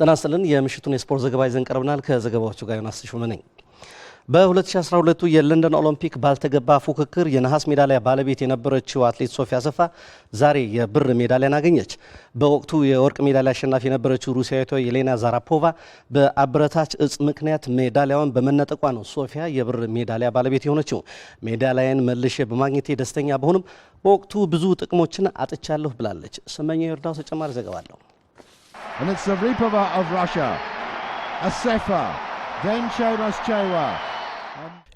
ጤና ይስጥልን። የምሽቱን የስፖርት ዘገባ ይዘን ቀርበናል። ከዘገባዎቹ ጋር ዮናስ ሹመ ነኝ። በ2012 የለንደን ኦሎምፒክ ባልተገባ ፉክክር የነሐስ ሜዳሊያ ባለቤት የነበረችው አትሌት ሶፊያ አሰፋ ዛሬ የብር ሜዳሊያን አገኘች። በወቅቱ የወርቅ ሜዳሊያ አሸናፊ የነበረችው ሩሲያዊቷ የሌና ዛራፖቫ በአበረታች እጽ ምክንያት ሜዳሊያውን በመነጠቋ ነው ሶፊያ የብር ሜዳሊያ ባለቤት የሆነችው። ሜዳሊያን መልሼ በማግኘቴ ደስተኛ በሆንም በወቅቱ ብዙ ጥቅሞችን አጥቻለሁ ብላለች። ስመኛ የወርዳው ተጨማሪ ዘገባ አለው። And it's Ripova of Russia. Asefa. Then Choroschewa.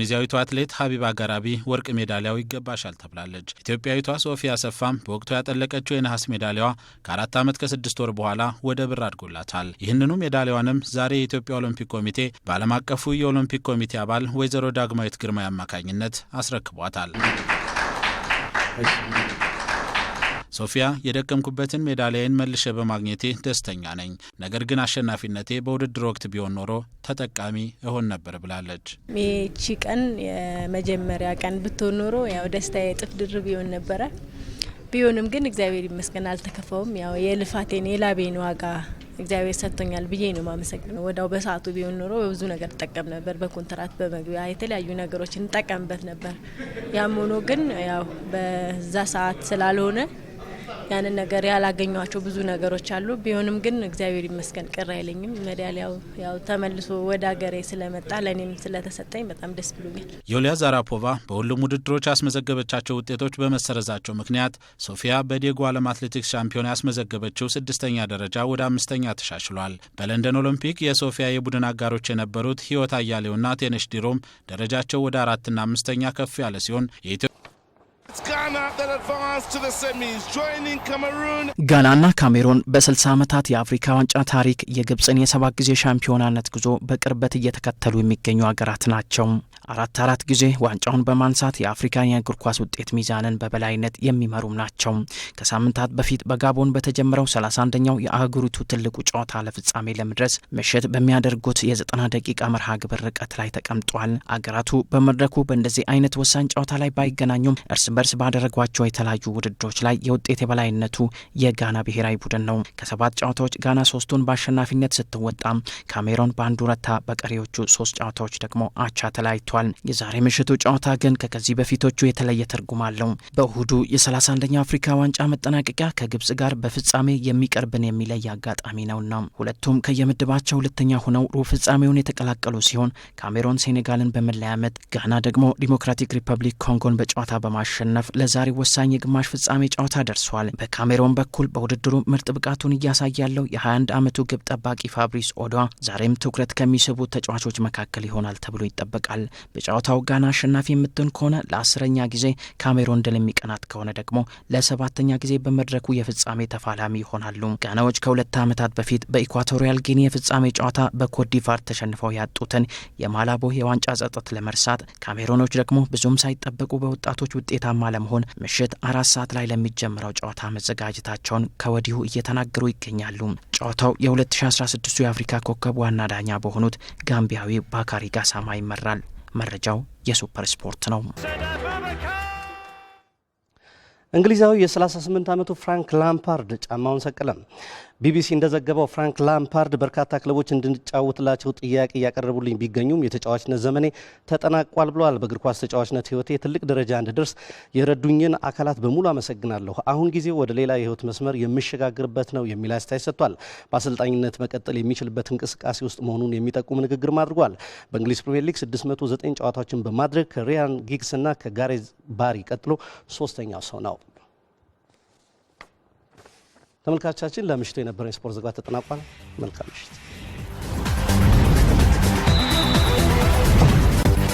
ሚዚያዊቷ አትሌት ሀቢባ አጋራቢ ወርቅ ሜዳሊያው ይገባሻል ተብላለች። ኢትዮጵያዊቷ ሶፊያ አሰፋም በወቅቱ ያጠለቀችው የነሐስ ሜዳሊያዋ ከአራት ዓመት ከስድስት ወር በኋላ ወደ ብር አድጎላታል። ይህንኑ ሜዳሊያዋንም ዛሬ የኢትዮጵያ ኦሎምፒክ ኮሚቴ በዓለም አቀፉ የኦሎምፒክ ኮሚቴ አባል ወይዘሮ ዳግማዊት ግርማ አማካኝነት አስረክቧታል። ሶፊያ የደቀምኩበትን ሜዳሊያዬን መልሼ በማግኘቴ ደስተኛ ነኝ። ነገር ግን አሸናፊነቴ በውድድር ወቅት ቢሆን ኖሮ ተጠቃሚ እሆን ነበር ብላለች። ይቺ ቀን የመጀመሪያ ቀን ብትሆን ኖሮ ያው ደስታ የጥፍ ድርብ ይሆን ነበረ። ቢሆንም ግን እግዚአብሔር ይመስገን አልተከፋውም። ያው የልፋቴን የላቤን ዋጋ እግዚአብሔር ሰጥቶኛል ብዬ ነው ማመሰግነው። ወዳው በሰዓቱ ቢሆን ኖሮ በብዙ ነገር እጠቀም ነበር። በኮንትራት በመግቢያ የተለያዩ ነገሮች እንጠቀምበት ነበር። ያም ሆኖ ግን ያው በዛ ሰዓት ስላልሆነ ያንን ነገር ያላገኟቸው ብዙ ነገሮች አሉ። ቢሆንም ግን እግዚአብሔር ይመስገን ቅር አይለኝም። ሜዳሊያው ያው ተመልሶ ወደ ሀገሬ ስለመጣ ለእኔም ስለተሰጠኝ በጣም ደስ ብሎኛል። ዮልያ ዛራፖቫ በሁሉም ውድድሮች ያስመዘገበቻቸው ውጤቶች በመሰረዛቸው ምክንያት ሶፊያ በዴጎ ዓለም አትሌቲክስ ሻምፒዮን ያስመዘገበችው ስድስተኛ ደረጃ ወደ አምስተኛ ተሻሽሏል። በለንደን ኦሎምፒክ የሶፊያ የቡድን አጋሮች የነበሩት ህይወት አያሌውና ቴነሽ ዲሮም ደረጃቸው ወደ አራትና አምስተኛ ከፍ ያለ ሲሆን ጋናና ካሜሩን በ60 ዓመታት የአፍሪካ ዋንጫ ታሪክ የግብፅን የሰባት ጊዜ ሻምፒዮናነት ጉዞ በቅርበት እየተከተሉ የሚገኙ አገራት ናቸው። አራት አራት ጊዜ ዋንጫውን በማንሳት የአፍሪካን የእግር ኳስ ውጤት ሚዛንን በበላይነት የሚመሩም ናቸው። ከሳምንታት በፊት በጋቦን በተጀመረው 31ኛው የአህጉሪቱ ትልቁ ጨዋታ ለፍጻሜ ለመድረስ ምሽት በሚያደርጉት የ90 ደቂቃ መርሃ ግብር ርቀት ላይ ተቀምጧል። አገራቱ በመድረኩ በእንደዚህ አይነት ወሳኝ ጨዋታ ላይ ባይገናኙም እርስ በርስ ባደ ባደረጓቸው የተለያዩ ውድድሮች ላይ የውጤት የበላይነቱ የጋና ብሔራዊ ቡድን ነው። ከሰባት ጨዋታዎች ጋና ሶስቱን በአሸናፊነት ስትወጣ ካሜሮን በአንዱ ረታ፣ በቀሪዎቹ ሶስት ጨዋታዎች ደግሞ አቻ ተለያይቷል። የዛሬ ምሽቱ ጨዋታ ግን ከከዚህ በፊቶቹ የተለየ ትርጉም አለው። በእሁዱ የ 31 አፍሪካ ዋንጫ መጠናቀቂያ ከግብጽ ጋር በፍጻሜ የሚቀርብን የሚለይ አጋጣሚ ነውና ሁለቱም ከየምድባቸው ሁለተኛ ሆነው ሩብ ፍጻሜውን የተቀላቀሉ ሲሆን ካሜሮን ሴኔጋልን በመለያ ጋና ደግሞ ዲሞክራቲክ ሪፐብሊክ ኮንጎን በጨዋታ በማሸነፍ ለ ለዛሬ ወሳኝ የግማሽ ፍጻሜ ጨዋታ ደርሷል። በካሜሮን በኩል በውድድሩ ምርጥ ብቃቱን እያሳየ ያለው የ21 ዓመቱ ግብ ጠባቂ ፋብሪስ ኦዷ ዛሬም ትኩረት ከሚስቡ ተጫዋቾች መካከል ይሆናል ተብሎ ይጠበቃል። በጨዋታው ጋና አሸናፊ የምትሆን ከሆነ ለአስረኛ ጊዜ ካሜሮን ድል የሚቀናት ከሆነ ደግሞ ለሰባተኛ ጊዜ በመድረኩ የፍጻሜ ተፋላሚ ይሆናሉ። ጋናዎች ከሁለት ዓመታት በፊት በኢኳቶሪያል ጊኒ የፍጻሜ ጨዋታ በኮትዲቫር ተሸንፈው ያጡትን የማላቦ የዋንጫ ጸጠት ለመርሳት ካሜሮኖች ደግሞ ብዙም ሳይጠበቁ በወጣቶች ውጤታማ ለመሆን ሲሆን ምሽት አራት ሰዓት ላይ ለሚጀምረው ጨዋታ መዘጋጀታቸውን ከወዲሁ እየተናገሩ ይገኛሉ። ጨዋታው የ2016 የአፍሪካ ኮከብ ዋና ዳኛ በሆኑት ጋምቢያዊ ባካሪ ጋሳማ ይመራል። መረጃው የሱፐር ስፖርት ነው። እንግሊዛዊ የ38 ዓመቱ ፍራንክ ላምፓርድ ጫማውን ሰቀለም። ቢቢሲ እንደዘገበው ፍራንክ ላምፓርድ በርካታ ክለቦች እንድንጫወትላቸው ጥያቄ እያቀረቡልኝ ቢገኙም የተጫዋችነት ዘመኔ ተጠናቋል ብለዋል። በእግር ኳስ ተጫዋችነት ህይወቴ ትልቅ ደረጃ እንድደርስ የረዱኝን አካላት በሙሉ አመሰግናለሁ። አሁን ጊዜው ወደ ሌላ የህይወት መስመር የምሸጋግርበት ነው የሚል አስተያየት ሰጥቷል። በአሰልጣኝነት መቀጠል የሚችልበት እንቅስቃሴ ውስጥ መሆኑን የሚጠቁም ንግግርም አድርጓል። በእንግሊዝ ፕሪምየር ሊግ 609 ጨዋታዎችን በማድረግ ከሪያን ጊግስ እና ከጋሬዝ ባሪ ቀጥሎ ሶስተኛው ሰው ነው። ተመልካቻችን ለምሽቱ የነበረን ስፖርት ዝግባ ተጠናቋል። መልካም ምሽት።